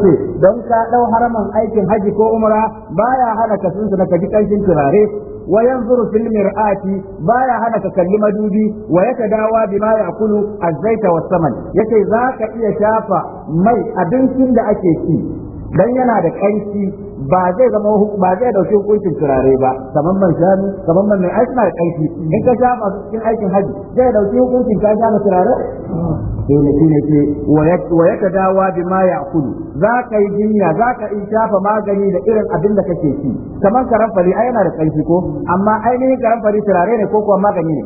don ka ɗau haraman aikin haji ko umra baya hana ka sun ka ji kanshin turare wa yanzuru fil mir'ati baya hana ka kalli madubi wa dawa bima ya'kulu az-zaita was saman za ka iya shafa mai abincin da ake ci dan yana da kanshi ba zai zama ba zai dauki hukuncin turare ba kaman man shanu kaman man mai da in ka shafa cikin aikin haji zai dauki hukuncin ka shafa turare daina shine ke wa ya dawa bi ma Kudu za ka yi jinya za ka yi shafa magani da irin abin da kake ci kamar karamfari ai yana da kanshi ko amma ainihin karamfari turare ne ko kuwa magani ne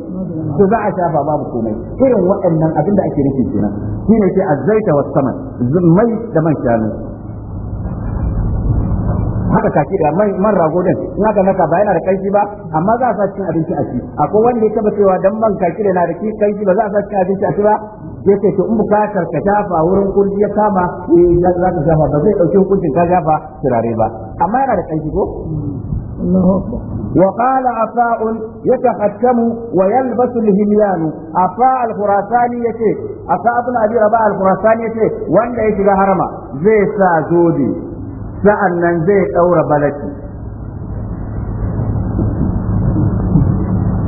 to za a shafa babu komai irin waɗannan abin da ake nufi kenan shine ke azzaita wa saman mai da man shanu haka kaki da man man rago din in aka naka ba yana da kaifi ba amma za a sa cikin abinci a ci akwai wanda ya taba cewa dan man kaki da na da ki kaifi ba za a sa cikin abinci a ci ba yake ce in bukatar ka shafa wurin kurji ya kama eh za ka shafa ba zai dauki hukuncin ka shafa turare ba amma yana da kanki ko وقال عفاء يتختم ويلبس الهميان عفاء الخراساني يتي عفاء بن ابي رباح الخراساني يتي وان يشغى هرما زي سا زودي سأنن زي دور بلتي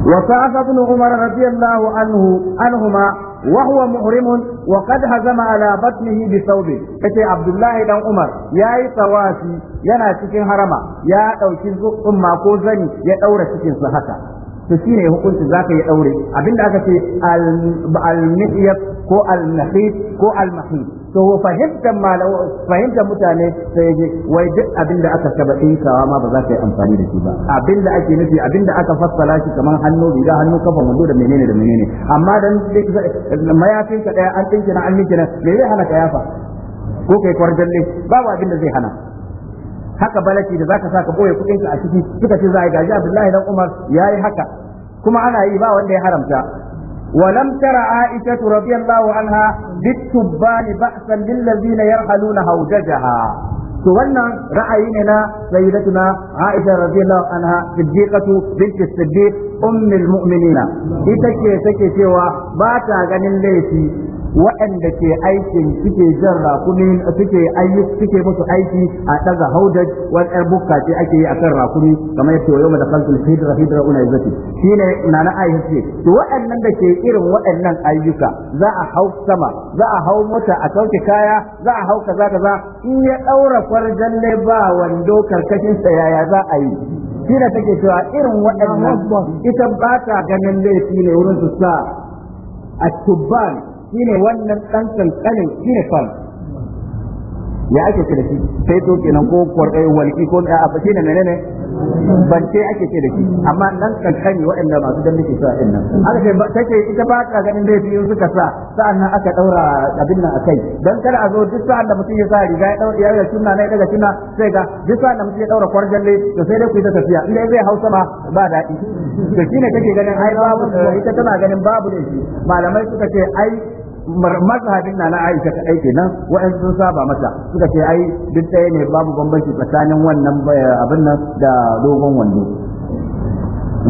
وسعد ابن عمر رضي الله عنه عنهما وهو محرم وقد هزم على بطنه بثوبه كتي عبد الله بن عمر ياي طوافي yana cikin harama ya dauki zukun ko zani ya ɗaura cikinsa haka to shine hukunci zaka yi aure abinda aka ce al-mihyab ko al-nahib ko al-mahib to fahimtar fahimtar mutane sai wai duk abinda aka taba dinkawa ma ba za ka yi amfani da shi ba abinda ake nufi abinda aka fassara shi kamar hannu riga hannu kafa mundo da menene da menene amma dan mayafin ka daya an dinki na an dinki na me zai hana ka yafa ko kai kwarjalle babu abinda zai hana haka balaki da zaka saka boye kudin ka a ciki suka ce za a gaji Abdullahi dan Umar yayi haka kuma ana yi ba wanda ya haramta ولم ترى عائشة رضي الله عنها بالتبان بأسا للذين يرحلون هوججها تولنا رأينا سيدتنا عائشة رضي الله عنها صديقة بنت الصديق أم المؤمنين إتكي تكي سوى باتا غنين ليتي waɗanda ke aikin suke jan rakuni suke ayi suke musu aiki a daga haudaj wani ɗan bukka ce ake yi akan rakuni kamar yadda yau da kalkul hidra hidra una yazati shine na ayi ce to waɗannan da ke irin waɗannan ayyuka za a hau sama za a hau mota a sauke kaya za a hau kaza kaza in ya farjan ne ba wando karkashin sa yaya za a yi shi take cewa irin waɗannan ita ba ta ganin laifi ne wurin su sa a tubban shine wannan dan kankanin shine fal ya ake ce da shi sai to kenan ko kwarɗai eh, walƙi ko eh, a fashe ne menene ban ce ake ce da shi amma nan kankani waɗanda masu dan nake sa din nan aka ce ta ce ita ba ta ganin da su suka sa sa'annan aka daura abin nan akai dan kada a zo duk sa'an da mutum ya sa riga ya daura ya sunna ya daga sunna sai ga duk sa'an da mutum ya daura ne to sai dai ku yi ta tafiya dai zai hausa sama ba daɗi to shine kake ganin ai babu ita tana ganin babu ne malamai suka ce ai mazhabin na na Aisha ta aike nan wa'an sun saba mata suka ce ai duk ɗaya ne babu bambanci tsakanin wannan eh, abin nan da dogon wando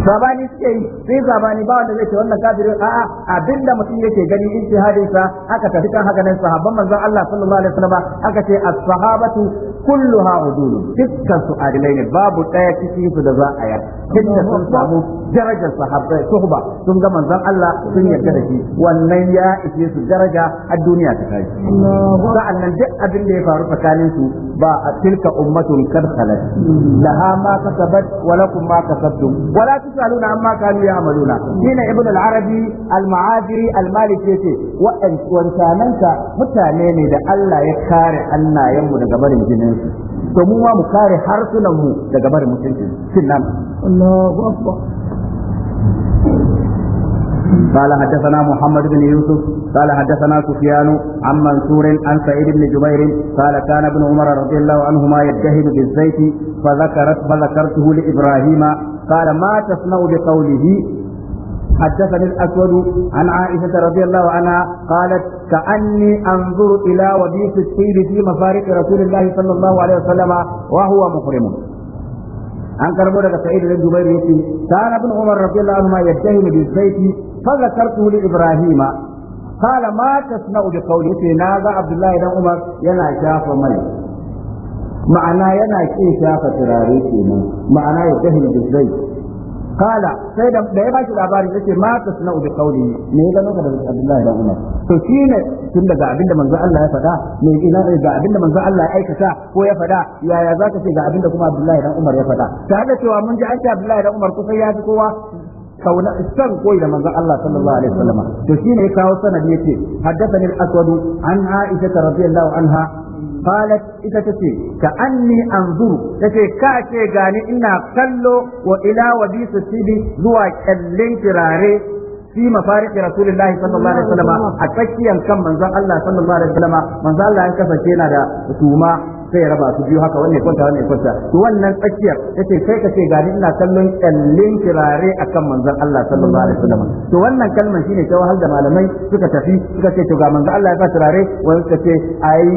sabani suke yi sai sabani ba wanda zai ce wannan kafirin a'a abinda mutum yake gani in ce hadisa aka tafi kan haka nan sahabban manzon Allah sallallahu alaihi wasallam aka ce as-sahabatu kulluha udul dukkan su adilai ne babu ɗaya cikin su da za a yarda duk sun samu darajar sahabbai suhba sun ga manzon Allah sun yarda da shi wannan ya ishe su daraja a duniya ta kai sa'annan duk abin da ya faru tsakanin su ba a tilka ummatun kad khalat laha ma kasabat wa lakum ma kasabtum wa la tusaluna amma kanu ya'maluna dina ibn al-arabi al-ma'adiri al-maliki yace wa'an wancananka mutane ne da Allah ya kare hannayenmu daga barin jinin su to mu ma mu kare harsunan mu daga barin mutunci cin nan Allahu akbar قال حدثنا محمد بن يوسف قال حدثنا سفيان عن منصور عن سعيد بن جبير قال كان ابن عمر رضي الله عنهما يجتهد بالزيت فذكرت فذكرته لابراهيم قال ما تصنع بقوله حدثني الأسود عن عائشة رضي الله عنها قالت كأني أنظر إلى وبيس الطيب في مفارق رسول الله صلى الله عليه وسلم وهو محرم عن كربو daga سعيد بن جبير يتي كان ابن عمر رضي الله عنهما يتهم بالزيت فذكرته لابراهيم قال ما تصنع بقوله يتي ناغا عبد الله بن عمر yana shafa mai ma'ana yana kin shafa turare kenan ma'ana ya jahil bizai kala sai da ya bashi labarin yace ma tasna'u bi qawli me ya gano da Abdullahi dan Umar to tun daga abinda manzo Allah ya faɗa me ina ga abinda manzo Allah ya aikata ko ya faɗa yaya zaka ce ga abinda kuma Abdullahi dan Umar ya faɗa tare da cewa mun ji an Abdullahi dan Umar kusan ya fi kowa kauna san koyi da manzon Allah sallallahu alaihi wasallam to shine ya kawo sanadi yace haddathani an aisha radhiyallahu anha qalat ita tace ka anni anzuru tace ka ce gani ina kallo wa ila wabisu tibi zuwa kallin kirare في مفارق رسول الله صلى الله عليه وسلم أتكيا كم من زال الله صلى الله عليه وسلم من زال الله أنك فشينا دا توما sai raba su biyu haka wannan kwanta wannan kwanta to wannan tsakiyar yace kai ka ce gani ina kallon kallin kirare akan manzon Allah sallallahu alaihi wasallam to wannan kalman shine ta wahal da malamai suka tafi suka ce to ga manzon Allah ya ba kirare wani suka ce ai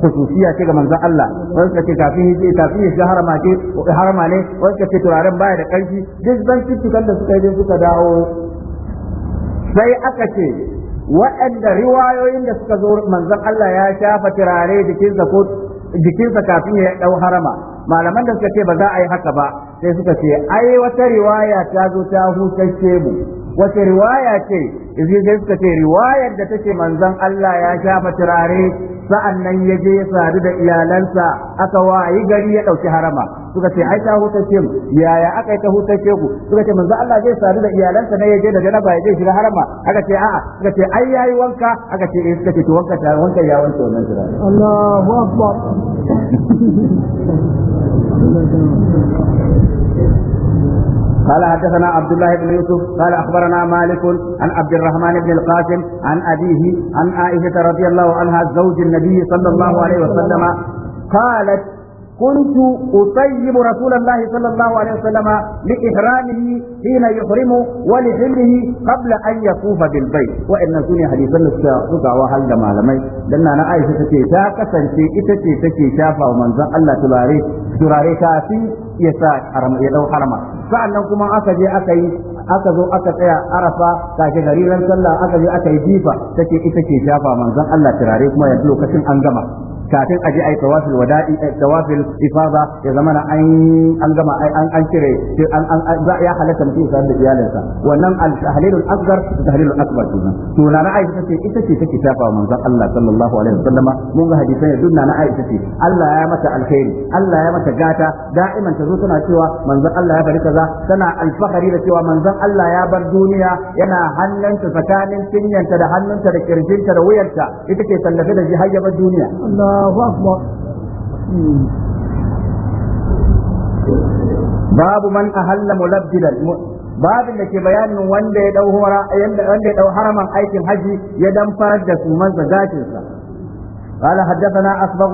khususiya ce ga manzon Allah wani suka ce kafin hijira kafin ya shahara ma ce harama ne wani suka ce turaren baya da karfi duk ban cikin da suka yi suka dawo sai aka ce waɗanda riwayoyin da suka zo manzon Allah ya shafa turare jikinsa ko jikinsa kafin ya dau harama malaman da suka ce ba za a yi haka ba sai suka ce ai wata riwaya ta zo ta hutasce mu wace riwaya ce izai suka ce riwayar da take manzon Allah ya shafa turare sa'an nan ya je ya sadu da iyalansa aka wayi gari ya ɗauki harama suka ce ai ta hutace mu yaya aka yi ta hutace ku suka ce manzo Allah zai sadu da iyalansa ne ya je da janaba ya je shiga harama aka ce a'a suka ce ai yayi wanka aka ce eh suka ce to wanka ta wanka ya wanke wannan turare Allahu akbar قال حدثنا عبد الله بن يوسف قال اخبرنا مالك عن عبد الرحمن بن القاسم عن ابيه عن عائشه رضي الله عنها زوج النبي صلى الله عليه وسلم قالت كنت أطيب رسول الله صلى الله عليه وسلم لإحرامه حين يحرم ولحله قبل أن يطوف بالبيت وإن سوني حديثا لسكا وحل لما لمي لأن أنا عايشة تكي شاكا سنتي إتكي تكي شافا ومن الله تلاري تلاري كافي يساك حرم يدو حرما sa'annan kuma aka je aka yi aka zo aka tsaya arafa kake gari ran sallah aka je aka yi jifa take ita ke shafa manzon Allah turare kuma yanzu lokacin an gama kafin aje ai tawafil wada'i eh, tawafil ifada ya zamana an an gama an an ya halatta mutum ya da iyalinsa wannan al-tahlilul asghar da tahlilul akbar kenan to na na aisha ita ce take shafa manzon Allah sallallahu alaihi wasallama mun ga hadisan ya dunna na aisha ce Allah ya mata alkhairi Allah ya mata gata da'iman ta zo tana cewa manzon Allah ya bari kaza tana alfahari da cewa manzon Allah ya bar duniya yana hannunta tsakanin cinyanta da hannunta da kirjinta da wuyarta ita ke tallafe da jihayyabar duniya Allah الله أكبر باب من أهل ملبدا babin da ke bayanin wanda ya dau wanda ya dau haraman aikin haji ya dan da su manza gashin sa قال حدثنا أصبغ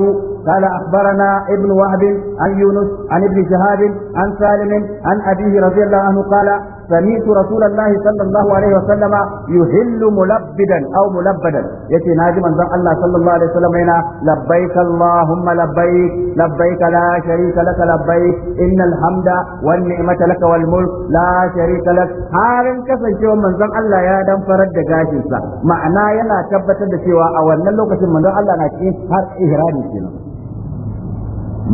قال أخبرنا ابن وهب عن يونس عن ابن شهاب عن سالم عن أبيه رضي الله عنه قال سمعت رسول الله صلى الله عليه وسلم يهل ملبدا او ملبدا يتي ناجي من زن الله صلى الله عليه وسلم هنا لبيك اللهم لبيك لبيك لا شريك لك لبيك ان الحمد والنعمه لك والملك لا شريك لك halin kasancewar manzon Allah ya dan farar da gashinsa ma'ana yana tabbatar da cewa a wannan lokacin manzon Allah na cikin har ihrami kenan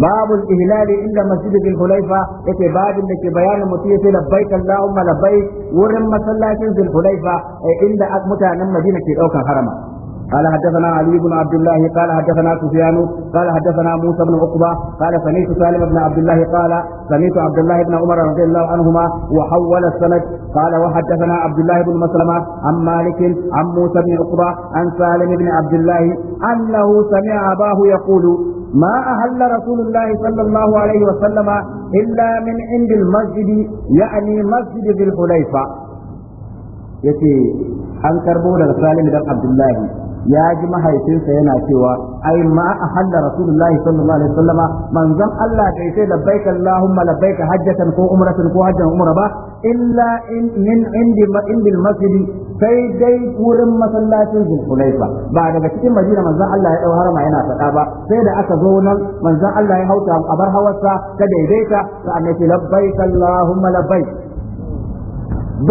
باب الإهلال عند مسجد ذي الحليفة يتي باب لك بيان مطية لبيك اللهم لبيك ورم مسلاة ذي الحليفة عند أكمتا نم مدينة أوكا حرما قال حدثنا علي بن عبد الله قال حدثنا سفيان قال حدثنا موسى بن عقبة قال سمعت سالم بن عبد الله قال سمعت عبد الله بن عمر رضي الله عنهما وحول السند قال وحدثنا عبد الله بن مسلمة عن مالك عن موسى بن عقبة عن سالم بن عبد الله أنه سمع أباه يقول ما أهل رسول الله صلى الله عليه وسلم إلا من عند المسجد يعني مسجد ذي الحليفة يتي أنكر بولا صالح بن عبد الله ya ji mahaifinsa yana cewa ai ma a halla rasulullahi sallallahu alaihi wasallama manzon Allah bai sai labbaik allahumma labbaik hajjatan ko umratan ko hajjan umra ba illa in min indi indil sai dai wurin masallacin zulhulaifa ba daga cikin madina manzon Allah ya dau harama yana faɗa ba sai da aka zo nan manzon Allah ya hauta a bar hawarsa ta daidaita sai annabi labbaik allahumma labbaik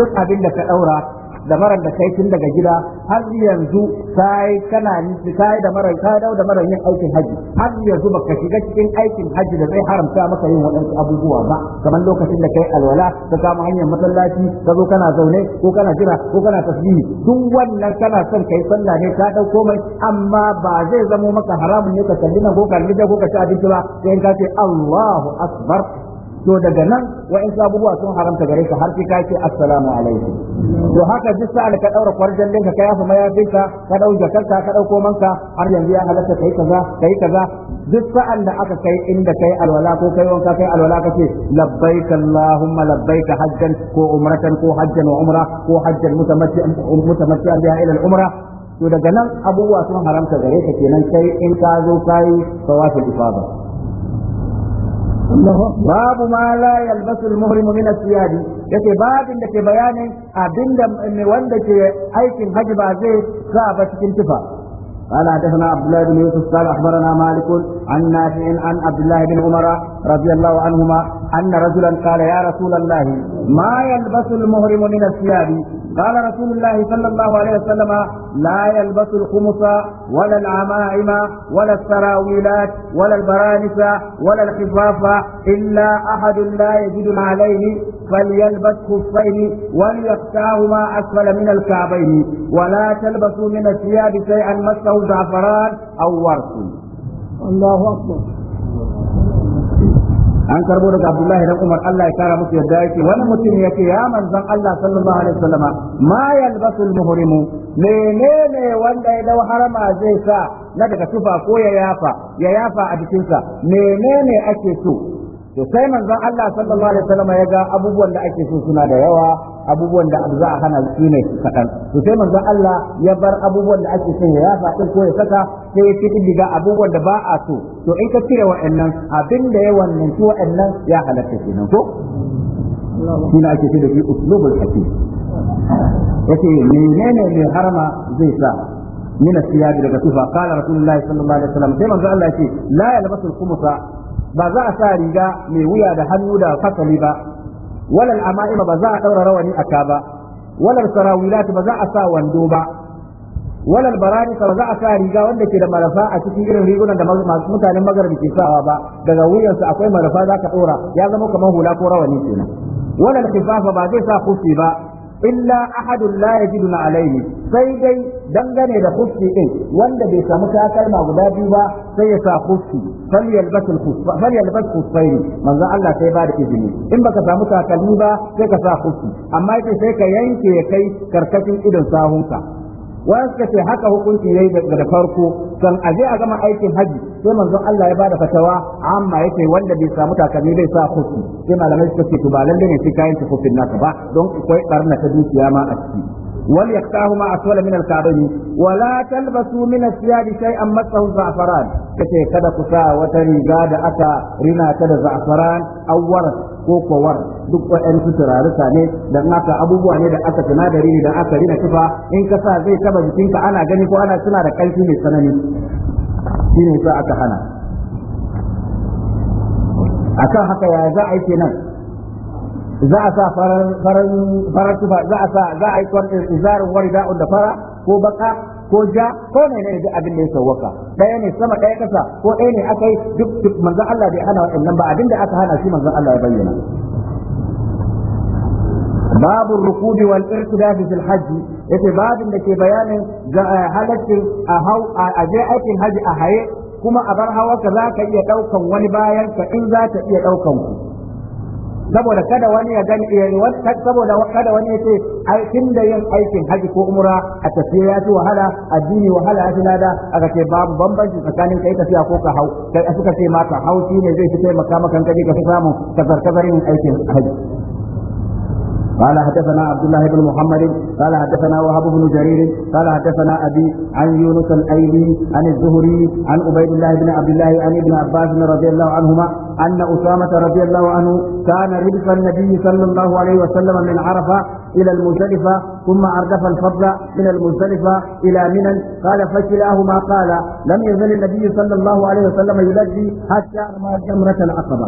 duk abin da ka daura da marar da kai tun daga gida har yanzu kai kana nufi kai da maran da marar yin aikin haji har yanzu baka shiga cikin aikin haji da zai haramta maka yin waɗansu abubuwa ba kamar lokacin da kai alwala ka kama hanyar masallaci ka zo kana zaune ko kana jira ko kana tasbihi duk wannan kana son kai sallah ne ka dau komai amma ba zai zamo maka haramun ne ka kalli nan ko kalli ko ka ci abinci ba sai ka ce Allahu akbar to daga nan wa'in abubuwa sun haramta gare ka har sai ka ce assalamu alaikum to haka duk sa'an ka daura kwarjan ɗinka ka yafa mayafinka ka dau jakarka ka ɗauko manka har yanzu ya halatta kai kaza kai kaza duk sa'an da aka kai inda kai alwala ko kai wanka kai alwala kace labbaik allahumma labbaik hajjan ko umratan ko hajjan wa umra ko hajjan mutamatti'an mutamatti'an biha ila al-umra to daga nan abubuwa sun haramta gare ka kenan sai in ka zo kai tawaful ifada babu ma la yalbasul muhrimu min asiyad yake babin da ke bayanin abinda wanda ke aikin haji ba zai sa ba cikin tufa قال حدثنا عبد الله بن يوسف قال اخبرنا مالك عن نافع عن عبد الله بن عمر رضي الله عنهما أن رجلا قال يا رسول الله ما يلبس المهرم من الثياب قال رسول الله صلى الله عليه وسلم لا يلبس الخمس ولا العمائم ولا السراويلات ولا البرانس ولا الخفاف إلا أحد لا يجد عليه فليلبس خفين وليقطعهما أسفل من الكعبين ولا تلبسوا من الثياب شيئا مسه زعفران أو ورق الله أكبر an karbo daga Abdullahi dan Umar Allah ya kara musu yadda yake wani mutum yake ya manzon Allah sallallahu alaihi wasallam ma yalbasu muhrimu menene wanda ya dau harama zai sa na daga tufa ko ya yafa ya yafa a jikinsa menene ake so to sai manzan Allah sallallahu alaihi wasallam ya ga abubuwan da ake so suna da yawa abubuwan da za a hana su ne kaɗan to sai manzo Allah ya bar abubuwan da ake son ya yafa din ko ya saka sai ya fi diga abubuwan da ba a so to in ka cire wa'annan abin da ya wannan to wa'annan ya halatta nan ko shi ake ce da shi uslubul hakim yace menene mai harama zai sa من الثياب لك سوفا قال رسول الله صلى الله عليه وسلم كما قال الله لا يلبس الخمص ba za a sa riga mai wuya da hannu da fasali ba walal ama'ima ba za a ɗaura rawani a ka ba walal sarawilat ba za a sa wando ba walal barani ba za a sa riga wanda ke da marafa a cikin irin rigunan da mutane magharibi ke sawa ba daga wuyansu akwai marafa za ka dora ya zama kamar hula ko rawani kenan walal kifafa ba zai sa kufi ba illa ahadun la yajidu alaihi sai dai dangane da kufi din wanda bai samu takalma guda biyu ba sai ya sa kufi falyalbas khuffa falyalbas khuffain manzo Allah sai ba da izini in baka samu takalmi ba sai ka sa kufi amma sai ka yanke kai karkashin idon sahunka wa ce haka hukunci yi daga farko kan aje a gama aikin haji sai manzon Allah ya bada fatawa amma yace wanda bai samu takalmi bai sa hukunci, sai malamai suka ce to ba lalle ne sai kayan kufin naka ba don akwai barna ta dukiya ma a ciki Walyaƙa ahuma a sole minan saɓan wala talba su minasiya da kai a matsayin za'a fara? Ka kada ku sa wata riga da aka rina ta da za'a fara a uwar ko kowar duk waƴar fitilaruta ne da naka abubuwa ne da aka tana da rini da aka rina shi in ka sa zai taba bikin ka ana gani ko ana suna da ƙarfi mai sanani Kin yi sa aka hana, a haka yaya za a yi kenan? za a sa farar tufa za a sa za a eh, warida da fara ko baka ko ja ko ne ne da abin da ya sauwaka ɗaya ne sama ɗaya kasa ko ɗaya ne aka yi duk manzon Allah bai hana waɗannan ba abin da aka hana shi manzon Allah ya bayyana باب الركوب والارتداد في الحج yace babin da ke bayanin ga eh, halaccin a hau a je aikin haji a haye kuma a bar hawa ka za ka iya ɗaukan wani bayan ka in za ka iya ɗaukan ku saboda kada wani ya gani saboda kada wani ya ce ai tunda yin aikin haji ko umra a tafiya ya fi wahala addini wahala ya fi lada aka ce babu bambanci tsakanin kai tafiya ko ka hau kai suka ce ma ka hau shine zai fi taimaka maka kan kaje ka samu kazar kazarin aikin haji قال حدثنا عبد الله بن محمد قال حدثنا وهب بن جرير قال حدثنا أبي عن يونس الأيلي عن الزهري عن عبيد الله بن عبد الله عن ابن عباس رضي الله عنهما أن أسامة رضي الله عنه كان ربك النبي صلى الله عليه وسلم من عرفة إلى المزدلفة ثم أردف الفضل من المزدلفة إلى منى قال فكلاهما قال لم يزل النبي صلى الله عليه وسلم يلجي حتى ارمى جمرة العقبة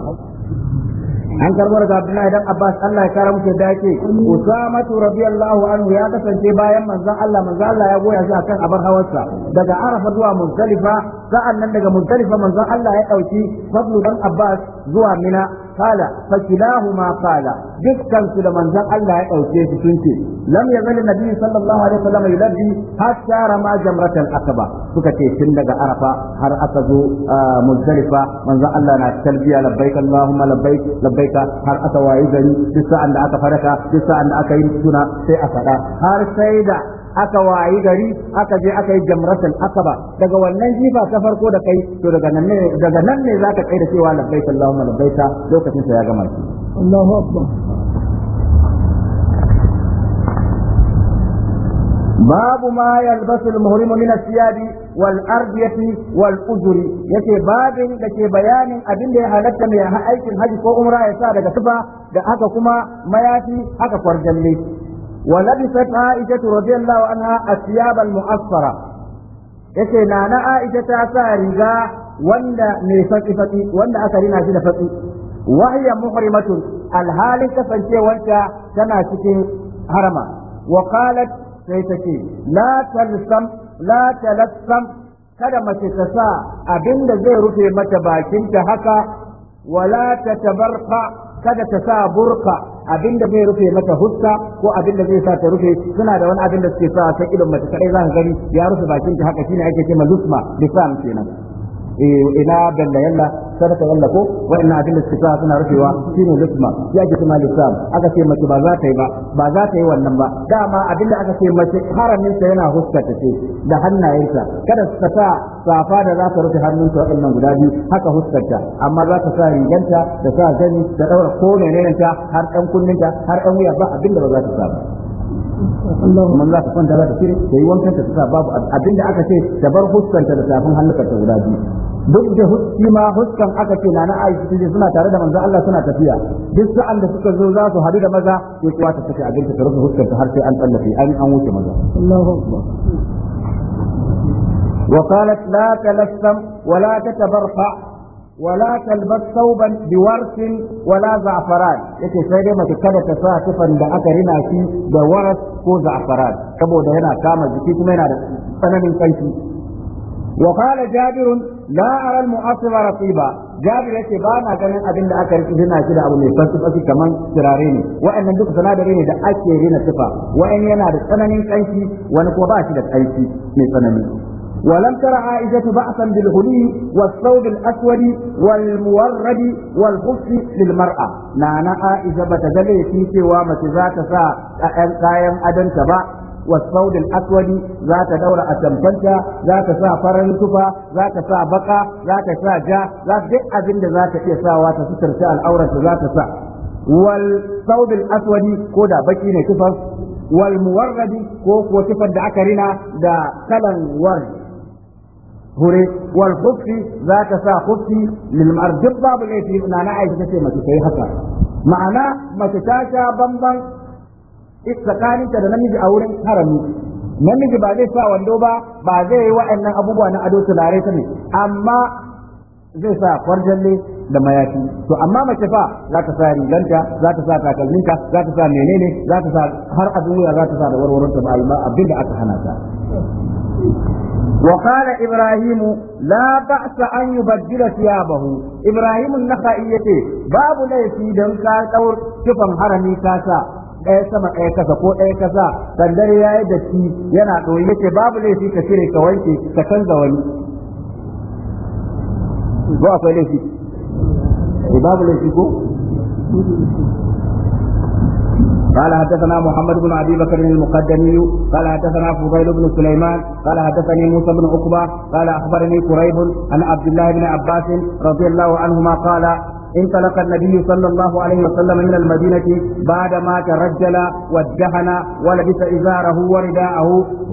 an karbo daga Abdullahi dan Abbas Allah ya kara muke dace Usama radiyallahu anhu ya kasance bayan manzon Allah manzon Allah ya goya shi akan abar hawarsa daga Arafa zuwa Muzdalifa sa'an nan daga muzdalifa manzon Allah ya ɗauki fadlu dan Abbas zuwa Mina kala fa ma kala dukkan su da manzon Allah ya ɗauke su sun ce lam yazal nabi sallallahu alaihi wasallam yulabbi hatta rama jamratal aqaba suka ce tun daga arafa har aka zo ah, muzdalifa manzon Allah na talbiya labbaik allahumma labbaik labbaik har aka wayi gari duk sa'an da aka faraka duk sa'an da aka yi suna sai a faɗa har sai da aka wayi gari aka je aka yi jamratul akaba daga wannan jifa ta farko da kai to daga nan ne daga nan ne zaka kai da cewa labbaik allahumma labbaika lokacin sa ya gama shi Allahu akbar باب ما يلبس المهرم من da ke bayanin يكي باب لكي بيان أدل aikin من ko الحج ya sa daga tufa da haka kuma mayafi haka kwarjalle ولبست عائشة رضي الله عنها الثياب المعصرة yace na na Aisha ta sa riga wanda mai faki faki wanda aka rina shi da faki wahiya muhrimatun alhali kasancewarta tana cikin harama wa qalat sai ta ce la talsam la kada mace ta sa abinda zai rufe mata bakinta haka wala tatabarqa kada ta sa burka abinda zai rufe mata huska ko abinda zai sa ta rufe suna da wani abinda suke sa ta idon mace kadai za ka gani ya rufe bakin ta haka shine ake cewa lusma lisan kenan eh, ina bella yalla sadaka yalla ko wa'annan abin da suka suna rufewa shine ne ya ji kuma lisam aka ce mace ba za ta yi ba ba za ta yi wannan ba dama abin da aka ce mace haraminsa yana huskata ce da hannayensa kada su sa safa da za ta rufe hannunta waɗannan guda biyu haka huskarta amma za ta sa riganta da sa gani da ɗaura ko menene ta har ɗan kunninta har ɗan wuya ba abin da ba za ta sa ba kuma za ka kwanta za ka cire da yi wankan ta sa babu abin da aka ce ta bar huskanta da tafin hannukar ta guda biyu duk da huski ma huskan aka ce na na aisha ce suna tare da manzo Allah suna tafiya duk sa'an da suka zo za su hadu da maza ya kuwa ta saka abin ta rufe huskanta har sai an tsallafe an an wuce maza Allahu akbar وقالت لا تلثم ولا تتبرفع wala talbas sauban biwarsin wala za'faran yake sai dai mace kada ta sa tufan da aka rina shi da waras ko za'faran saboda yana kama jiki kuma yana da tsananin kanki wa qala jabir la ara al mu'assira ratiba jabir yake ba na ganin abin da aka rina shi da abu mai fasfasi kaman turare ne wa'annan duk sanadari ne da ake rina tufa wa'an yana da tsananin kanki wani kuma ba shi da kanki mai tsanani ولم تر عائشة بأسا بالهلي والثوب الأسود والمورد والخف للمرأة نانا عائشة بتجلي في سوى ذات ساعة قائم أدن تبا والثوب الأسود ذات دورة أتمتنتا ذات ساعة فرن كفا ذات ساعة بقى ذات ساعة جا ذات جئة بند ذات إساء وتستر ساعة الأورة ذات ساعة والثوب الأسود كودا بكين كفا والمورد كوك وكفا دعكرنا دا كلا ورد hure wal khufi zaka sa khufi lil marjib babu laifi na na aisha tace mace kai haka ma'ana mace ta sha bamban tsakaninta da namiji a wurin harami namiji ba zai sa wando ba ba zai yi wa'annan abubuwa na ado tulare ta ne amma zai sa kwarjalle da mayafi to amma mace fa za ta sa riganta za ta sa takalminta za ta sa menene za ta sa har abin wuya za ta sa da warwaronta ba abin da aka hana ta وقال إبراهيم لا بأس أن يبدل ثيابه إبراهيم النخائية باب ليس دم كاتور harami حرمي كاسا ɗaya sama ɗaya kasa ko ɗaya kasa sandar ya yi datti yana ɗoyi yake babu laifi ka cire ka wanke ka canza wani قال حدثنا محمد بن ابي بكر المقدمي قال حدثنا فضيل بن سليمان قال حدثني موسى بن عقبه قال اخبرني قريب عن عبد الله بن عباس رضي الله عنهما قال انطلق النبي صلى الله عليه وسلم من المدينة بعدما ترجل وادهن ولبس إزاره ورداءه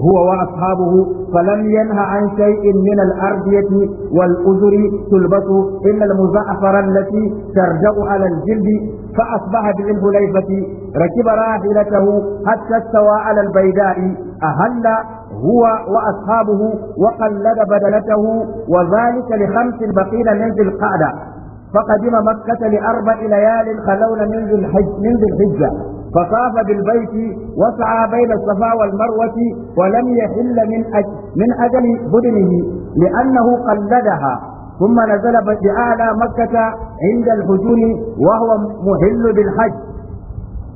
هو وأصحابه فلم ينه عن شيء من الأردية والأزر تلبس إلا المزعفر التي ترجع على الجلد فأصبح بن الحليفة ركب راحلته حتى استوى على البيداء أهل هو وأصحابه وقلد بدلته وذلك لخمس بقين من ذي القعدة فقدم مكة لأربع ليال خلون من ذي الحجة فطاف بالبيت وسعى بين الصفا والمروة ولم يحل من أجل, من أجل بدنه لأنه قلدها ثم نزل بأعلى مكة عند الحجون وهو محل بالحج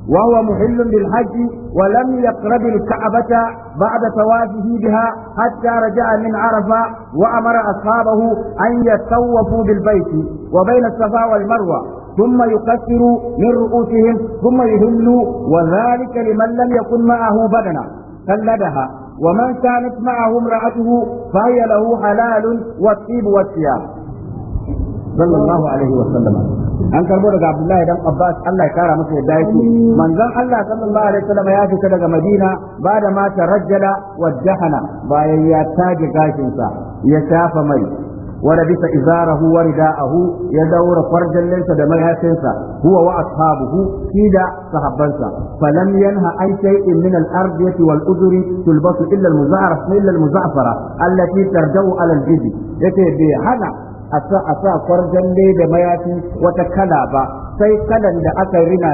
وهو محل بالحج ولم يقرب الكعبة بعد توافه بها حتى رجع من عرفة وأمر أصحابه أن يتوفوا بالبيت وبين الصفا والمروة ثم يكسروا من رؤوسهم ثم يهلوا وذلك لمن لم يكن معه بدنا قلدها ومن كانت معه امرأته فهي له حلال والطيب والثياب صلى الله عليه وسلم an karbo daga Abdullahi dan Abbas Allah ya kara masa yadda yake manzon Allah sallallahu alaihi wasallam ya fita daga Madina ba da mata tarajjala wa jahana bayan ya tage gashin sa ya shafa mai ولبس إزاره ورداءه يدور فرجا ليس دمها سنسا هو وأصحابه كيدا صحبانسا فلم ينهى أي شيء من الأرضية والأذر تلبس إلا المزعرف إلا المزعفرة التي ترجو على الجدي يتي بهنا أسا أسا فرجا لي دمياتي وتكلابا sai kalan da aka rina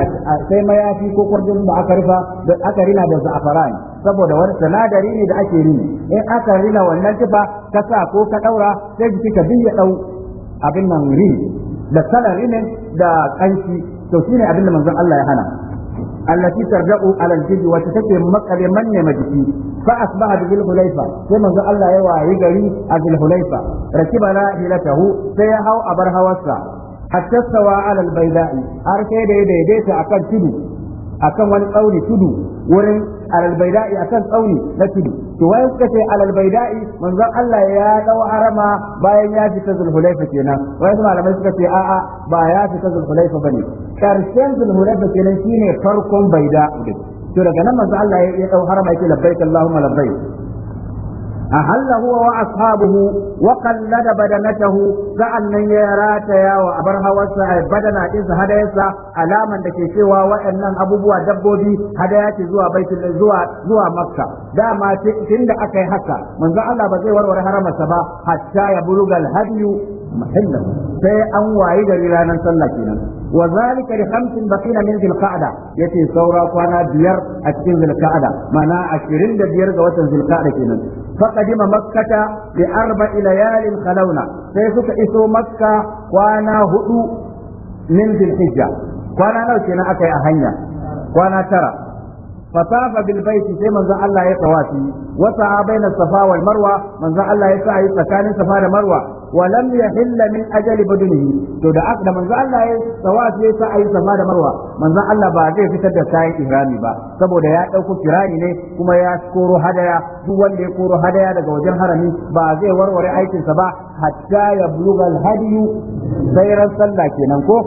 sai mayafi ko kwarjin da aka rufa da aka rina da za'afarani saboda wani sinadari ne da ake nuni in aka rina wannan kifa ka sa ko ka daura sai jiki ka biya dau abin nan ri da salari ne da kanshi to shine abin da manzon Allah ya hana allati tarja'u ala al-jid wa ta maqali man ne majiki fa asbaha bi hulayfa sai manzon Allah ya wayi gari a al-hulayfa rakibana hilatahu sai ya hau abar hawasa hatta sawa ala al-baydai har sai daidaita akan tudu akan wani tsauni tudu wurin alalbaida'i akan tsauni na tudu to wai suka ce alalbaida'i manzon Allah ya dau harama bayan ya fita zulhulaifa kenan wai malamai suka ce a'a ba ya fita zulhulaifa bane karshen zulhulaifa kenan shine farkon baida to daga nan manzo Allah ya dau harama yake labbaik Allahumma labbaik أهل هو وأصحابه وقلد بدنته كأن يرات يا وأبرها وسع بدنا إذ هديسا ألاما دكي شوى وأن أبوبوا دبودي هدايات زوى بيت زوى زوى مكة دا ما تند أكي حكا من ذا الله بزي ورور حرم سبا حتى يبلغ الهدي محله سي أنواعي دليلانا سلكنا وذلك لخمس بقين من ذي القعدة يتي ثورة وانا بير أتين ذي القعدة معناها عشرين بير ذي القعدة كنا فقدم مكة بأربع ليال خلونا سيسوك إسو مكة وانا هدو من ذي الحجة وانا نوشينا أكي أهنيا وانا ترى فطاف بالبيت سي من الله يتواسي وسعى بين الصفا والمروة من الله يسعى يتكان الصفا والمروة wa lam yahilla min ajali badunihi to da aka da manzo Allah ya tawafi ya sa ayi sama da marwa manzo Allah ba zai fitar da kayan ihrami ba saboda ya dauko kirani ne kuma ya koro hadaya duk wanda ya koro hadaya daga wajen harami ba zai warware aikinsa ba hatta ya buluga hadiyu. sai ran sallah kenan ko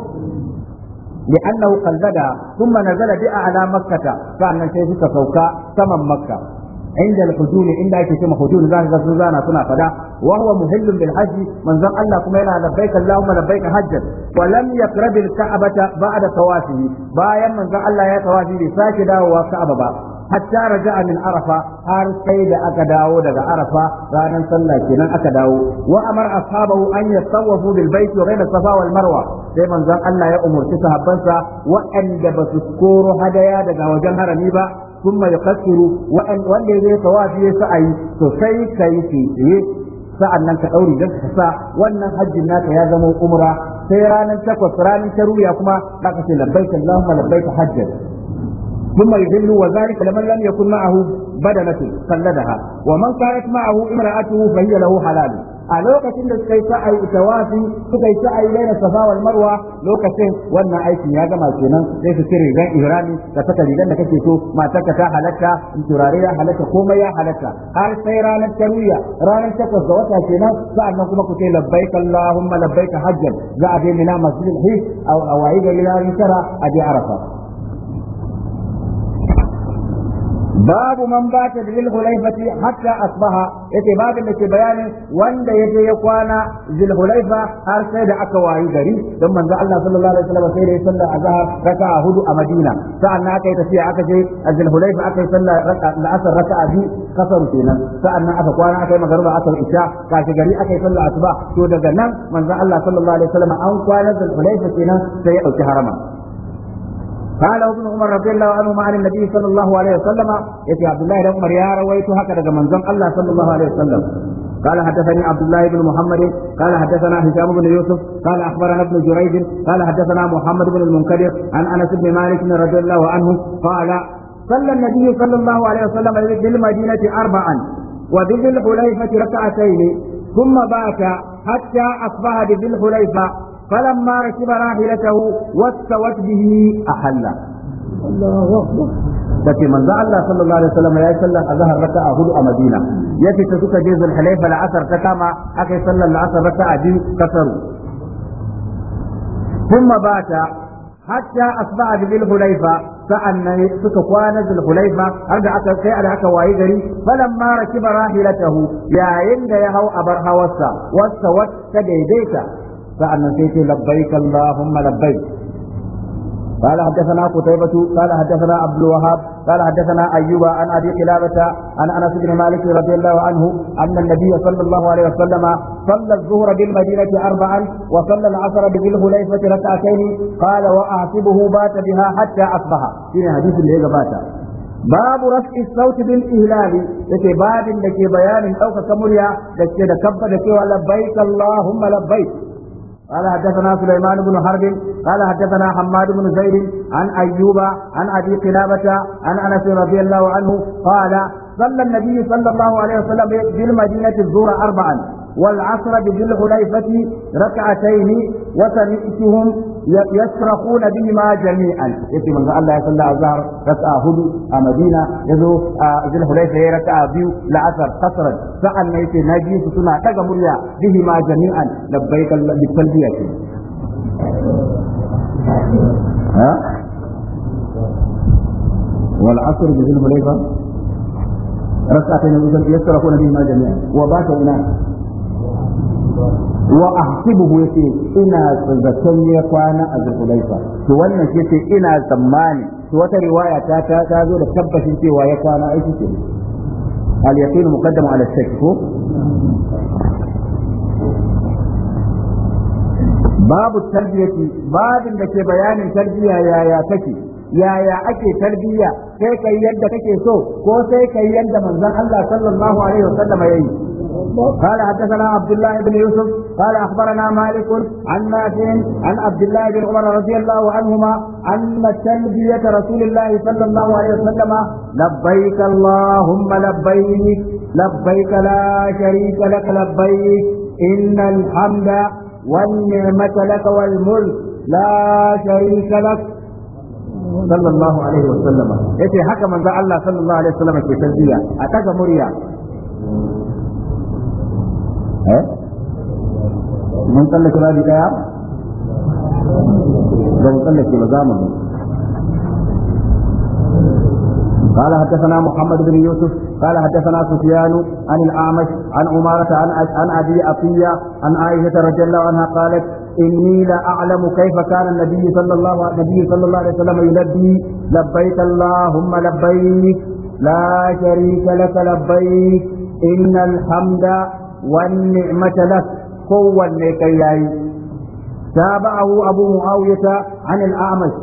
لأنه قلدها ثم نزل بها على مكة فأنا شيء سوكا saman مكة inda al-hujun inda ake cewa hujun zaka ga sun zana suna faɗa? wa huwa muhillun bil hajj manzon Allah kuma yana labbaik Allahumma labbaik hajjan wa lam yaqrab al-ka'bata ba'da tawafihi bayan manzon Allah ya tawafi bai sake dawowa Ka'aba ba hatta raja'a min arafa har sai da aka dawo daga arafa ranar sallah kenan aka dawo Wa'amar amar ashabahu an yatawafu bil bait wa ghayra safa marwa sai manzon Allah ya umurci sahabbansa waɗanda ba su koro hadaya daga wajen harami ba sun mai kasuru wanda zai tawafi ya sa'ayi to sai ka yi kinkiye sa'an nan ka ɗauri don ka sa wannan hajjin naka ya zama umra sai ranar takwas ranar taruya kuma da ka ce labbaika Allahumma labbaika hajjar sun mai zillu wa zari kalamar lam ya kun ma'ahu badalatu kalladaha wa man kayat ma'ahu imra'atuhu fahiyya lahu halalu a lokacin da suka yi sa'ayi tawafi suka yi sa'ayi baina safa wal marwa lokacin wannan aikin ya gama kenan sai su cire rigan ihrami ka saka rigan da kake so matarka ta halatta turare ya halatta komai ya halatta har sai ranar tarwiya ranar takwas ga wata kenan sa'annan kuma ku ce labbaik allahumma labbaik hajjan za a je mina masjidil hajj a wayi gari ranar tara a je arafa babu man bata da zilhulaifati hatta asbaha yace babin da ke bayanin wanda je ya kwana zilhulaifa har sai da aka wayi gari don manzo Allah sallallahu alaihi wasallam sai da ya sallar azhar raka'a hudu a Madina sa'annan aka yi tafiya aka je zilhulaifa aka yi la'asar raka'a biyu kasar kenan sa'annan aka kwana aka yi magariba aka isha kashi gari aka yi sallar asuba to daga nan manzo Allah sallallahu alaihi an kwana zilhulaifa kenan sai ya ɗauki harama قال ابن عمر رضي الله عنهما عن النبي صلى الله عليه وسلم يتي عبد الله بن عمر يا رويت هكذا من زم الله صلى الله عليه وسلم قال حدثني عبد الله بن محمد قال حدثنا هشام بن يوسف قال اخبرنا ابن جريج قال حدثنا محمد بن المنكدر عن انس بن مالك رضي الله عنه قال صلى النبي صلى الله عليه وسلم بالمدينه اربعا وبذي الحليفه ركعتين ثم بات حتى اصبح بذي الحليفه فلما ركب راحلته واستوت به احل الله اكبر تكي من ذا الله صلى الله عليه وسلم يا صلى الله ركع هود مدينه ياتي تسوك جيز الحليفه العصر كما اكي صلى العصر ركع دي كسر ثم بات حتى اصبع ذي الحليفه فان سك كوان ذي الحليفه ارجع اكل على اكل فلما ركب راحلته يا عند يا هو ابر هوسا واستوت كديديته sa'annan sai ce labbaik allahumma labbaik قال حدثنا قتيبة قال حدثنا عبد الوهاب قال حدثنا أيوب عن أبي قلابة عن أنس بن مالك رضي الله عنه أن النبي صلى الله عليه وسلم صلى الظهر بالمدينة أربعا وصلى العصر بذي الخليفة ركعتين قال وأعصبه بات بها حتى أصبح في حديث اللي بات babu raf'i sauti bil ihlali yake babin da ke bayanin ɗaukaka murya da ke da kabba da cewa labbaik allahumma labbaik قال حدثنا سليمان بن حرب قال حدثنا حماد بن زيد عن أيوب عن أبي قلابة عن أنس رضي الله عنه قال صلى النبي صلى الله عليه وسلم بالمدينة الزور أربعا والعصر بذي الحليفة ركعتين وسمعتهم يصرخون بهما جميعا يتي من الله يصلى الظهر ركعة هدو آه، مدينة يزو آه، ذي الحليفة ركعة بيو لعصر قصرا ما يتي ناجي سنة تغمريا بهما جميعا لبيك بالتلبية ها والعصر بذي الحليفة ركعتين يصرخون بهما جميعا وبات هناك wa ahsibuhu yace ina zaton ya kwana a zulaifa to wannan yace ina tsammani to wata riwaya ta ta ta zo da tabbacin cewa ya kwana aiki ce al yaqin muqaddam ala shakk ko babu tarbiyati babin da ke bayanin tarbiya yaya take yaya ake tarbiya sai kai yadda kake so ko sai kai yadda manzon Allah sallallahu alaihi wasallam yayi قال حدثنا عبد الله بن يوسف قال اخبرنا مالك عن نافع عن عبد الله بن عمر رضي الله عنهما ان تلبيه رسول الله صلى الله عليه وسلم لبيك اللهم لبيك لبيك لا شريك لك لبيك ان الحمد والنعمه لك والملك لا شريك لك صلى الله عليه وسلم haka حكم الله صلى الله عليه وسلم في تلبيه اتاك murya eh mun tsallake babi قال حدثنا محمد بن يوسف قال حدثنا سفيان عن الأعمش عن عمارة عن عن أبي عطية عن عائشة رضي الله عنها قالت إني لأعلم كيف كان النبي صلى الله النبي صلى الله عليه وسلم يلبي لبيك اللهم لبيك لا شريك لك لبيك إن الحمد Wanne matala kowanne kai yayi ta ba'ahu abu mu'awiyata an al'amash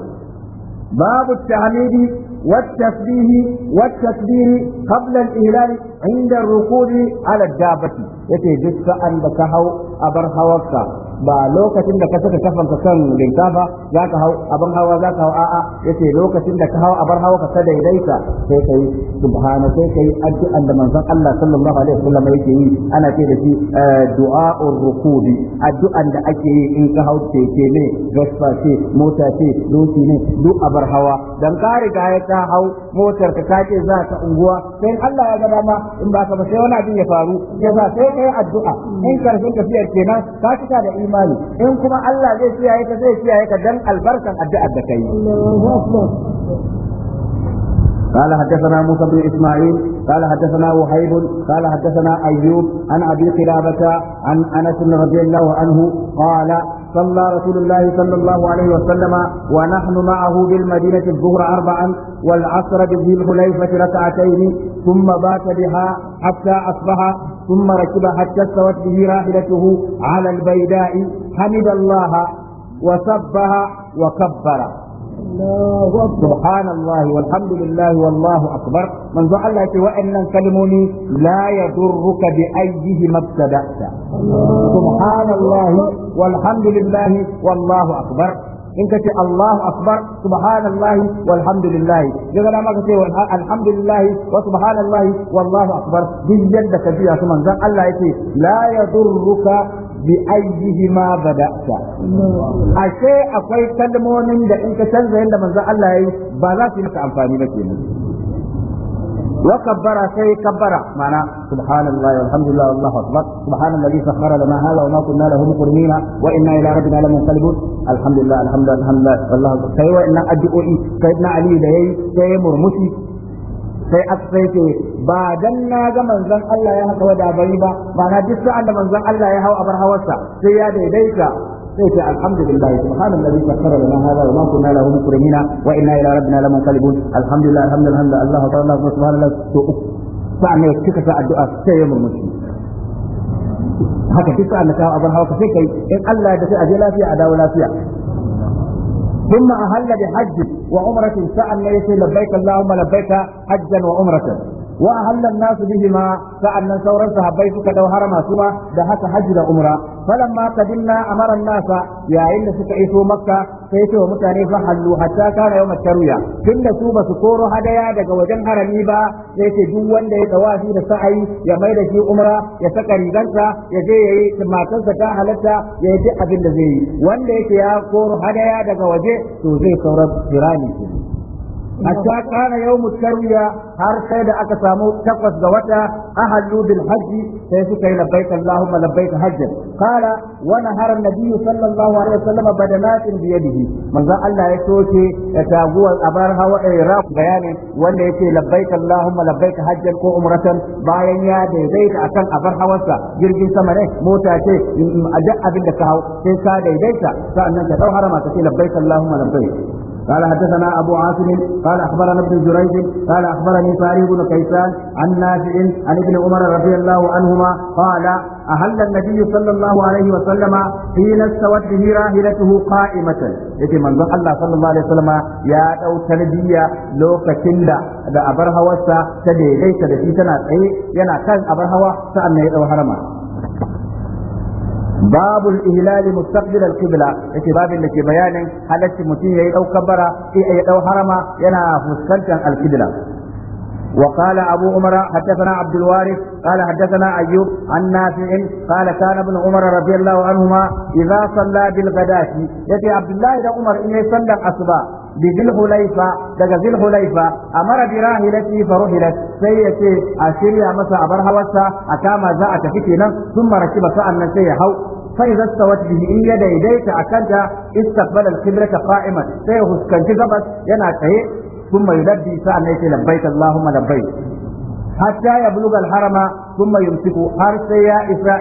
babu tahmidi wa tasbihi wa takbiri qabla al-ihlal inda ar-ruku'i ala dabati yake dukkan da ka hau a abar hawarka ba lokacin da ka saka kafanka kan linkafa za ka hau abin hawa za ka hau a'a yace lokacin da ka hau a bar hawa ka daidaita sai ka yi. subhana sai ka yi addu'an da manzon Allah sallallahu alaihi wasallam yake yi ana ce da shi eh, du'a'ur rukubi addu'an da ake yi in ka hau keke ne gaspa ce mota ce doki ne duk a bar hawa dan ka riga ya ka hau motar ka kace za ta unguwa sai Allah ya ga ma in ba ka ba sai wani abin ya faru ya sai yi addu'a in karshen tafiyar kenan ka fita da imani in kuma Allah zai kiyaye ka zai kiyaye ka dan albarkan addu'ar da kai قال حدثنا موسى بن اسماعيل قال حدثنا وهيب قال حدثنا ايوب عن ابي قلابه عن انس رضي الله عنه قال صلى رسول الله صلى الله عليه وسلم ونحن معه بالمدينة الظهر أربعا والعصر بذي الحليفة ركعتين ثم بات بها حتى أصبح ثم ركب حتى استوت به راحلته على البيداء حمد الله وسبها وكبر subhanallah walhamdulillah wallahu akbar manzo Allah ce wa'annan kalmomi la yadurruka bi ayyihi mabtada'ta akbar in ka ce akbar subhanallahi walhamdulillahi ya ce alhamdulillahi wa subhanallahi wallahu duk yadda ka biya su manzon Allah yake bi ayyihi ma bada'ta ashe akwai kalmomin da in ka canza yanda manzo Allah yayi ba za su maka amfani ba kenan wa kabbara sai kabbara mana subhanallahi walhamdulillah wallahu akbar sakhara lana hadha wa ma kunna lahu muqrinina wa inna ila rabbina lamunqalibun alhamdulillah alhamdulillah alhamdulillah wallahu sai wa inna addu'o'i sayyidina ali da yayi sai murmushi sai sai ba dan na ga manzon Allah ya haka wada bari ba ba na duk sa'an da manzon Allah ya hau abar hawarsa sai ya daidaita sai ce alhamdulillah subhanan nabi sakkara lana wa ma kunna lahu wa inna ila rabbina lamunqalibun alhamdulillah alhamdulillah Allah wa ta'ala to ne kika sa addu'a sai ya murmushi haka duk sa'an da ka hau abar hawarsa sai kai in Allah ya tafi aje lafiya a dawo lafiya ثم أهل وعمرة سعى النبي لبيك اللهم لبيك حجا وعمرة wa ahallan nasu bihima sa'annan sauran sahabbai suka dau harama su ma da haka Hajji da umra falamma qadimna amaran nasa yayin da suka iso makka sai ce wa mutane fa hallu hatta kana yawm tarwiya tunda su basu koro hadaya daga wajen harami ba sai ce duk wanda ya tawafi da sa'ayi ya mai da shi umra ya saka rigansa ya je yayi matansa ta halatta ya yi abin da zai yi wanda yake ya koro hadaya daga waje to zai saurar firani hatta kana yau tarwiya har sai da aka samu takwas ga wata ahallu bil hajji sai suka yi labbaik allahumma labbaik hajj qala wa nahara an sallallahu alaihi wasallam badanatin bi yadihi manzo Allah ya soke ya taguwar abar hawa iraq bayani wanda yake labbaik allahumma labbaik hajj ko umratan bayan ya daidaita akan abar hawarsa jirgin sama ne mota ce a duk abin da ta hau sai ka daidaita sa'annan ka dau harama ka ce labbaik allahumma labbaik قال حدثنا أبو عاصم قال أخبرنا ابن جريج قال أخبرني فاري بن كيسان عن نافع عن ابن عمر رضي الله عنهما قال أهل النبي صلى الله عليه وسلم حين استوت به راحلته قائمة yake manzon Allah sallallahu alaihi wasallam ya dau tarbiyya lokacin da da abar hawarsa ta daidaita da shi tana tsaye yana kan abar hawa sa'an ya dau harama babul ihlali mustaqbil al-qibla yake babin da ke bayanin halacci mutum yayi dau kabara sai ya dau harama yana fuskantar al-qibla وقال أبو عمر حدثنا عبد الوارث قال حدثنا أيوب عن نافع قال كان ابن عمر رضي الله عنهما إذا صلى بالغداة يأتي عبد الله بن عمر إن يصلى الأصباح بذي الحليفة دقا ذي الحليفة أمر براهلته فرهلت سيئة أشريا مسا أبرها وسا أكاما زاء تفتنا ثم ركب سألنا سيحو فإذا استوت به إن يدي ديت أكنت استقبل القبلة قائما سيهس كنت غبس ينعته ثم يلبي سألنا لبيك اللهم لبيك حتى يبلغ الحرم ثم يمسك har sai ya isa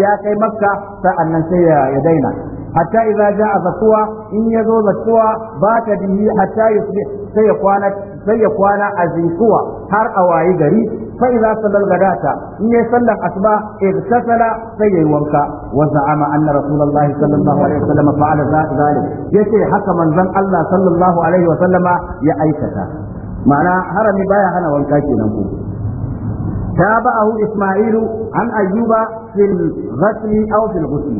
ya kai makka sa'annan sai ya daina hatta idza jaa zakuwa in yazo zakuwa ba ta bihi hatta ya kwana sai kwana azikuwa har a wayi gari fa idza sallal gadata in ya sallar asuba igtasala sai yayi wanka wa za'ama anna rasulullahi sallallahu alaihi wasallam fa'ala zalik yace haka manzon Allah sallallahu wasallama ya aikata ma'ana harami baya hana wanka kenan ko تابعه إسماعيل عن أيوب في الغسل أو في الغسل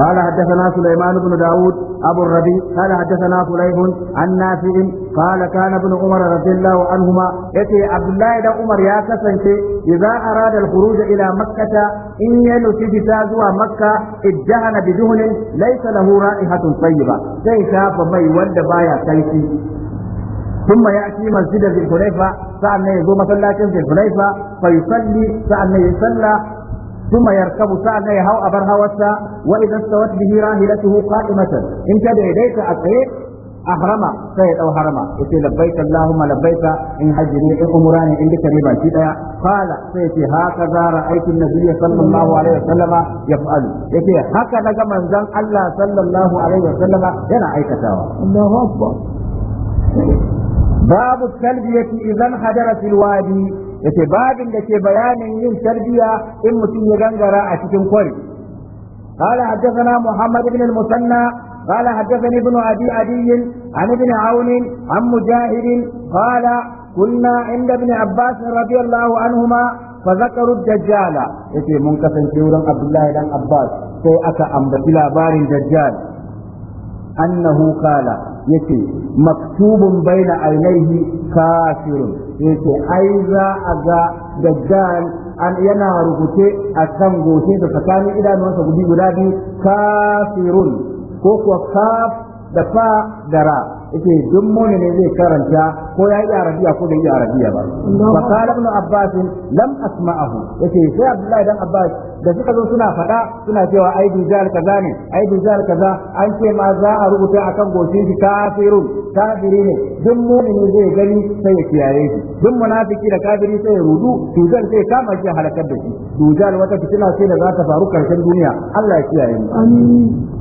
قال حدثنا سليمان بن داود أبو الربيع قال حدثنا فليح عن نافع قال كان ابن عمر رضي الله عنهما يتي عبد الله بن عمر يا كسنتي إذا أراد الخروج إلى مكة إن ينسي تازوى مكة ادهن بدهن ليس له رائحة طيبة زي شاف مي ولد بايا كيسي ثم يأتي مسجد ذي الحليفة سأل يزور مسلاة ذي الحليفة فيصلي سأل يصلى ثم يركب سعد يهو أبر هوسا وإذا استوت به راهلته قائمة إن كان يديك أطيب أحرم سيد أو حرم يقول لبيك اللهم لبيك إن حجني إن أمراني إن كريما شيئا قال سيد هكذا رأيت النبي صلى الله عليه وسلم يفعل يقول هكذا كما زن الله صلى الله عليه وسلم ينا أي كتاوة الله أكبر باب التلبية إذا انحدرت الوادي yace babin da ke bayanin yin tarbiya in mutum ya gangara a cikin kwari قال حدثنا محمد بن المثنى قال حدثني ابن ابي عدي عن ابن عون عن مجاهد قال كنا عند ابن عباس رضي الله عنهما فذكروا الدجال يتي منكسن شورا عبد الله بن عباس sai aka ambaci labarin dajjal annahu ya ce maktubun baina ainihi kafirun yace ai za a ga dajjal yana rubuce a kan goce da tsakanin idanuwansa guda biyu kafirun ko kuwa kaf da fa da ra yace duk ne zai karanta ko ya yi arabiya ko bai yi arabiya ba fa qala ibn abbas lam asma'ahu yace sai abdullahi dan abbas da suka zo suna faɗa suna cewa ai dijal kaza ne ai dijal kaza an ce ma za a rubuta akan goshin shi kafirun kafiri ne duk ne zai gani sai ya kiyaye shi duk munafiki da kafiri sai ya rudu dijal sai kama shi halakar da shi dujal wata fitina ce da za ta faru karshen duniya Allah ya kiyaye mu amin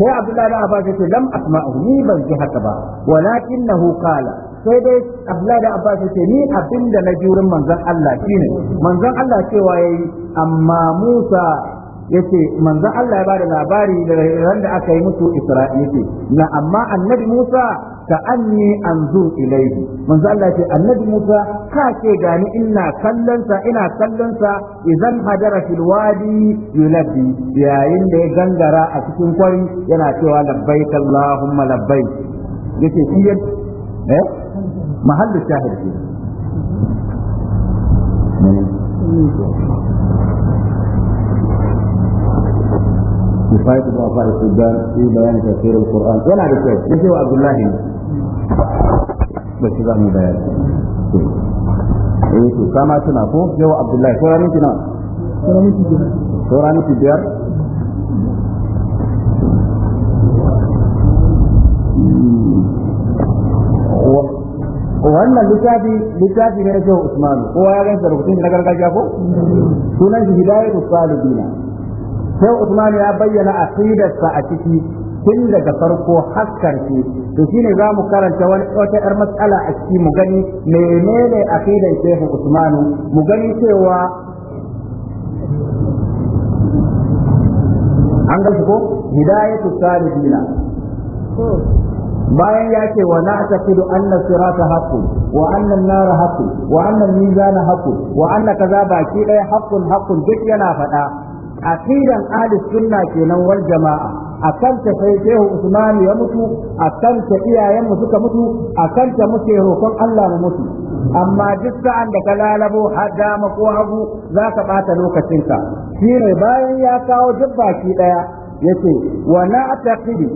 sai abdullahi da abbas yace lam asma'u ni ban ji haka ba walakinahu qala sai dai abdullahi da abbas yace ni abinda na jurin manzon Allah shine manzon Allah cewa yayi amma Musa yace manzon Allah ya bada labari da ran da aka yi musu Isra'ila na amma annabi Musa ka'anni anzur ilayhi manzo Allah ce annabi Musa ka ce gani ina kallon sa ina kallon sa idan hadara fil wadi yulabbi yayin da ya gangara a cikin kwari yana cewa labbaik Allahumma labbaik yace shi eh mahallu shahid كفاية ضعفاء السودان في بيان تفسير القرآن ولا بشيء يسوى عبد الله ba shi za mu bayar eh to tuna ko yau abdullahi ko ranar ko ranar hmm. wannan littafi littafi ne na shehu usmanu kowa ya gansa na gargajiya ko sunan shi shehu usmanu ya bayyana aqidarsa a ciki tun daga farko har karshe to shine za mu karanta wani wata yar matsala a ciki mu gani menene aqidan Sheikh Usman mu gani cewa an ga ko hidayatu salihina bayan ya ce wa na taqidu anna sirata haku wa anna na nara haku wa anna al-mizana haku wa kaza baki ɗaya hakun hakun duk yana faɗa aqidan ahli sunna kenan wal jama'a a kanta sai shehu usman ya mutu a kanta iyayenmu suka mutu a kanta muke roƙon Allah mu mutu amma duk sa'an da ka lalabo har dama ko hagu za ka ɓata lokacinka shi ne bayan ya kawo duk baki ɗaya yace wa na taqidu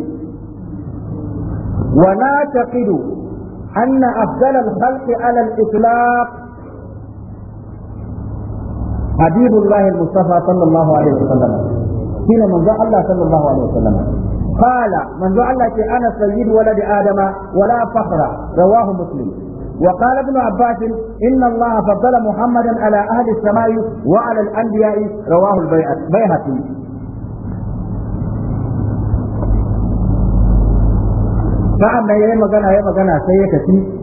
wa na taqidu anna afdal al-khalqi ala al-itlaq حبيب الله المصطفى صلى الله عليه وسلم شين من ذا الله صلى الله عليه وسلم قال من ذا الله أنا سيد ولد آدم ولا فخر رواه مسلم وقال ابن عباس إن الله فضل محمدا على أهل السماء وعلى الأنبياء رواه البيهقي فأما يا مغنى يا مغنى سيكتي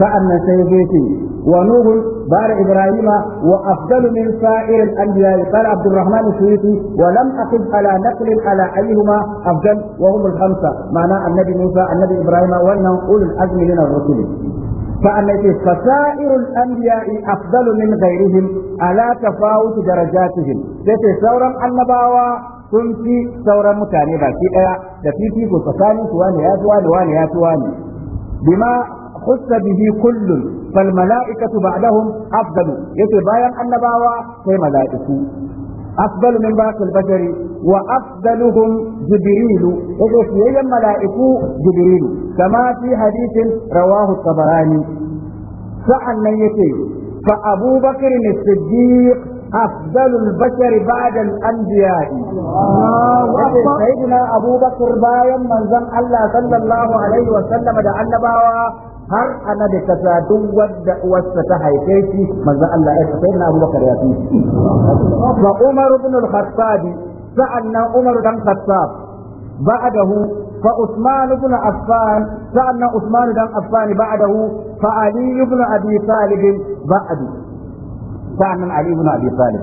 فأما سيكتي ونوح بعد إبراهيم وأفضل من سائر الأنبياء قال عبد الرحمن السويسي ولم أقف على نقل على أيهما أفضل وهم الخمسة معناه النبي موسى النبي إبراهيم وأنهم أولو العزم من الرسل فأنتي فسائر الأنبياء أفضل من غيرهم على تفاوت درجاتهم تتي ثورا النباوة sun fi sauran mutane baki ɗaya da fifiko tsakanin su wani ya tuwa da wani ya tuwa ne bima khussa bihi kullun fal mala'ikatu ba'dahum afdalu yace bayan annabawa sai mala'iku afdalu min ba'sil bashari wa afdaluhum jibril yace yayin mala'iku jibril kama mafi hadithin rawahu tabarani sa'annan yace fa abubakar as-siddiq أفضل البشر بعد الأنبياء سيدنا أبو بكر بايم من زم الله صلى الله عليه وسلم دعا النباوة har annabi kasa duk wadda uwarsa ta haife shi manzo Allah ya sai na Abubakar ya fi wa Umar ibn al-Khattab sa'annan Umar dan Khattab ba'dahu fa Usman ibn Affan sa'annan Usman dan Affan ba'dahu fa Ali ibn Abi Talib ba'du sa'annan Ali ibn Abi Talib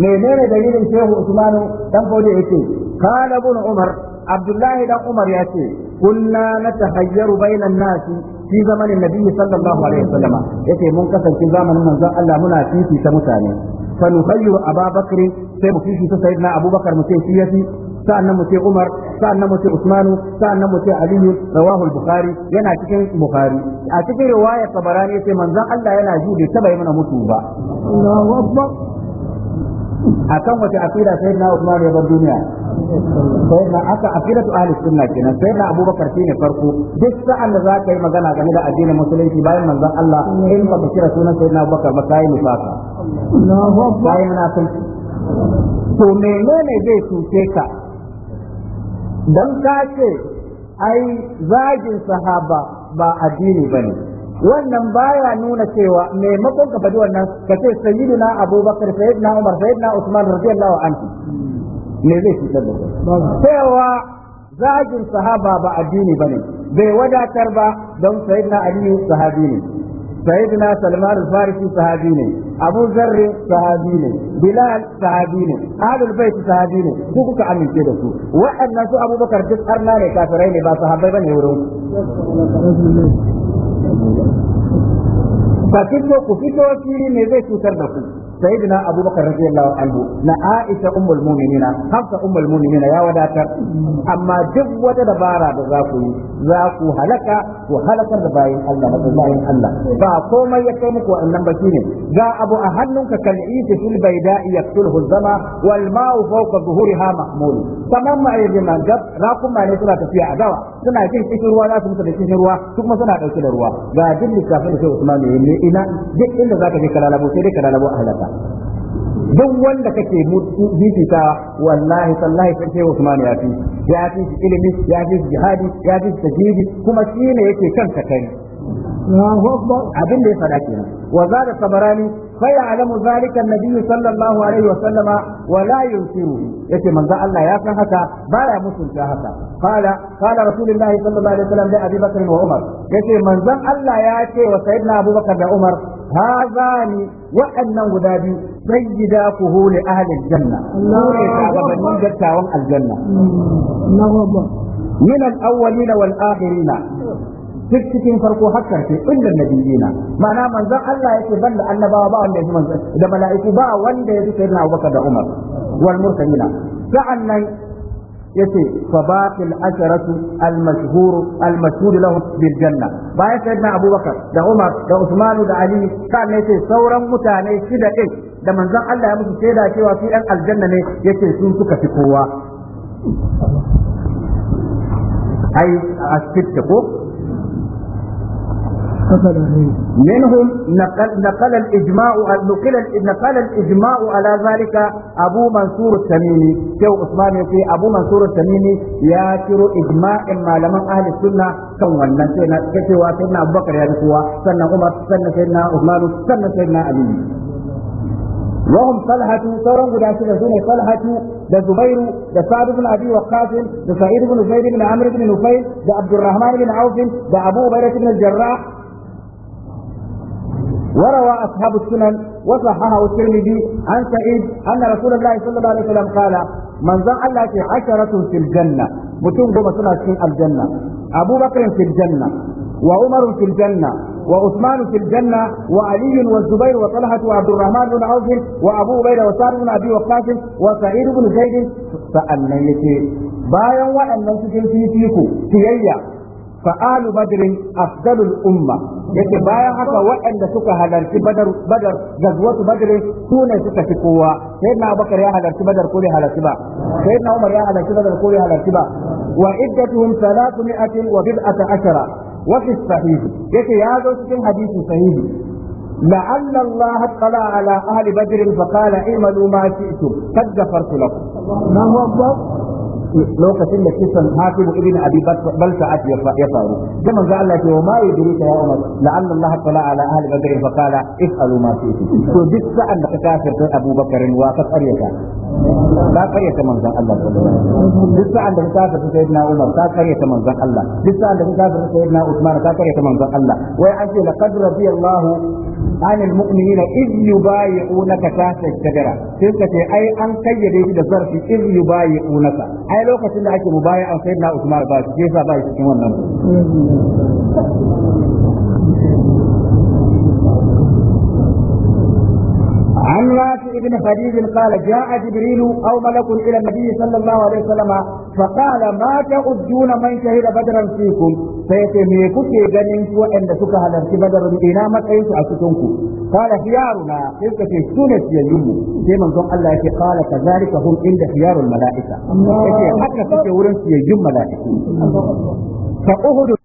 menene dalilin Shehu Usman dan Bode yake kana ibn Umar Abdullahi dan Umar ya ce kunna natahayyaru bainan nasi fi zamanin nabi sallallahu alaihi wasallam yace mun kasance zamanin manzon Allah muna fifita mutane fa nukhayyiru ababakr sai mu fifita sayyidina abubakar mu ce shi yafi sa'annan mu ce Umar sa'annan mu ce Usmanu sa'annan mu ce Ali rawahu al-Bukhari yana cikin Bukhari a cikin riwaya Tabarani sai manzon Allah yana ji bai taba yi mana mutu ba akan wace aqida sayyidina Uthman ya bar duniya sayyidina aka aqidatu ahli sunna kenan sayyidina Abubakar shine farko duk sa'an da zaka yi magana game da addinin musulunci bayan manzon Allah in ba ka kira sunan sayyidina Abubakar ba kai Allahu akbar bayan na san to menene zai tuce ka dan ka ce ai zagin sahaba ba addini bane wannan baya nuna cewa maimakon ka faɗi wannan ka ce sayyidina abubakar sayyidina umar sayyidina usman radiyallahu anhu me zai cutar da cewa zagin sahaba ba addini bane bai wadatar ba don sayyidina aliyu sahabi ne sayyidina salman al-farisi sahabi ne bilal sahabi ne ahlul bait sahabi kuka amince da su waɗannan su abubakar duk arna ne kafirai ne ba ka fito ku fito fili ne zai cutar da ku Saidina abubakar radiyallahu anhu na aisha ummul mu'minina hafsa ya wadatar amma duk wata dabara da za ku yi za ku halaka ku halakar da bayan Allah da bayin Allah ba komai ya kai muku wannan ba shine ga abu a hannunka kal'isi fil baida yaqtulhu zama wal ma'u fawqa zuhuriha mahmul tamam ma yajma gab rakuma ne suna tafiya a dawa suna jin cikin ruwa za su mutu da cikin ruwa su kuma suna dauke da ruwa ga duk lissafin da sai Usman ne ina duk inda za je kalalabo sai dai kalalabo a halaka duk wanda kake bibita wallahi sallahi sai Usman ya fi ya fi ilimi ya fi jihadi ya fi tajidi kuma shine yake kanka kai abin da ya faɗa kenan wa zada sabarani fa ya'lamu zalika an-nabiy sallallahu alaihi wa sallama wa la yunkiru yace manzo Allah ya san haka baya mutunta haka qala qala rasulullahi sallallahu alaihi wa sallam da Abi Bakr wa Umar yace manzo Allah ya ce wa sayyidina Abu Bakr da Umar hazani waɗannan guda biyu sayyida kuhuli ahlil janna sune shugabannin dattawan aljanna min al-awwalina wal akhirina duk cikin farko har karshe inda nabiyina ma'ana manzon Allah yake banda annabawa ba wanda yake manzon da mala'iku ba wanda yake sayyidina Abubakar da Umar wal mursalina sa'annan yace fabaqil asharatu al-mashhur al lahum bil janna bayan sayyidina abubakar da umar da usman da ali kan yace sauran mutane shida din da manzon Allah ya musu shaida cewa su ɗan aljanna ne yace sun suka fi kowa ai a ko منهم نقل, نقل الإجماع نقل نقل الإجماع على ذلك أبو منصور التميمي شو عثمان يقول أبو منصور التميمي ياشر إجماع ما لم أهل السنة wannan sai na kace wa sai ya kuwa sannan Umar sannan sai na Uthman sannan sai na Ali wa salhatu sauran guda shida Suna salhatu da Zubairu da Sa'd ibn Abi da Sa'idu ibn Zaid ibn Amr ibn da Abdurrahman ibn Auf da Abu وروى أصحاب السنن وصححه الترمذي عن سعيد أن رسول الله صلى الله عليه وسلم قال من ظن الله عشرة في الجنة متون قوم في الجنة أبو بكر في الجنة وعمر في الجنة وعثمان في الجنة وعلي والزبير وطلحة وعبد الرحمن بن عوف وأبو عبيدة وسعد بن أبي وقاص وسعيد بن زيد فأنا يتي بايا وأنا سجل في فيكو تيئيا فآل بدر أفضل الأمة yake bayan haka waɗanda suka halarci badar badar gazwatu badar su suka fi kowa sai na bakar ya halarci badar ko ne halarci ba sai na umar ya halarci badar ko ne halarci ba wa iddatuhum salatu mi'atin wa bid'ata ashara yake ya zo cikin hadisi sahihi لعل الله اطلع على اهل بدر فقال اعملوا ما شئتم قد غفرت لكم الله اكبر lokacin da kisan hafiz ibn abi balta ya faru da manzo Allah ce wa ma yudrika ya umar la'alla Allah tala ala ahli badr fa qala if'alu ma shi'tu to duk sa'an da ka kafirta Abu Bakar wa ka karyata ka karyata manzon Allah duk sa'an da ka kafirta sayyidina Umar ka karyata manzon Allah duk sa'an da ka kafirta sayyidina Usman ka karyata manzon Allah wai an ce laqad radiyallahu عن المؤمنين إذ يبايعونك تحت الشجرة تلك أي أن كيدي في ظرف إذ يبايعونك أي لو كنت لك مبايع سيدنا عثمان باش كيف باش كمان عن رافع بن خديج قال جاء جبريل أو ملك إلى النبي صلى الله عليه وسلم فقال ما تعدون من شهد بدرا فيكم me kuke ganin غنين كو ان سكا هلرتي بدر دينا متين سو اكتونكو قال خيارنا تلك في سنة يمو sai manzon Allah yake kala kazalika hum inda khiyarul malaika yake haka suke wurin su wurin malaiku fa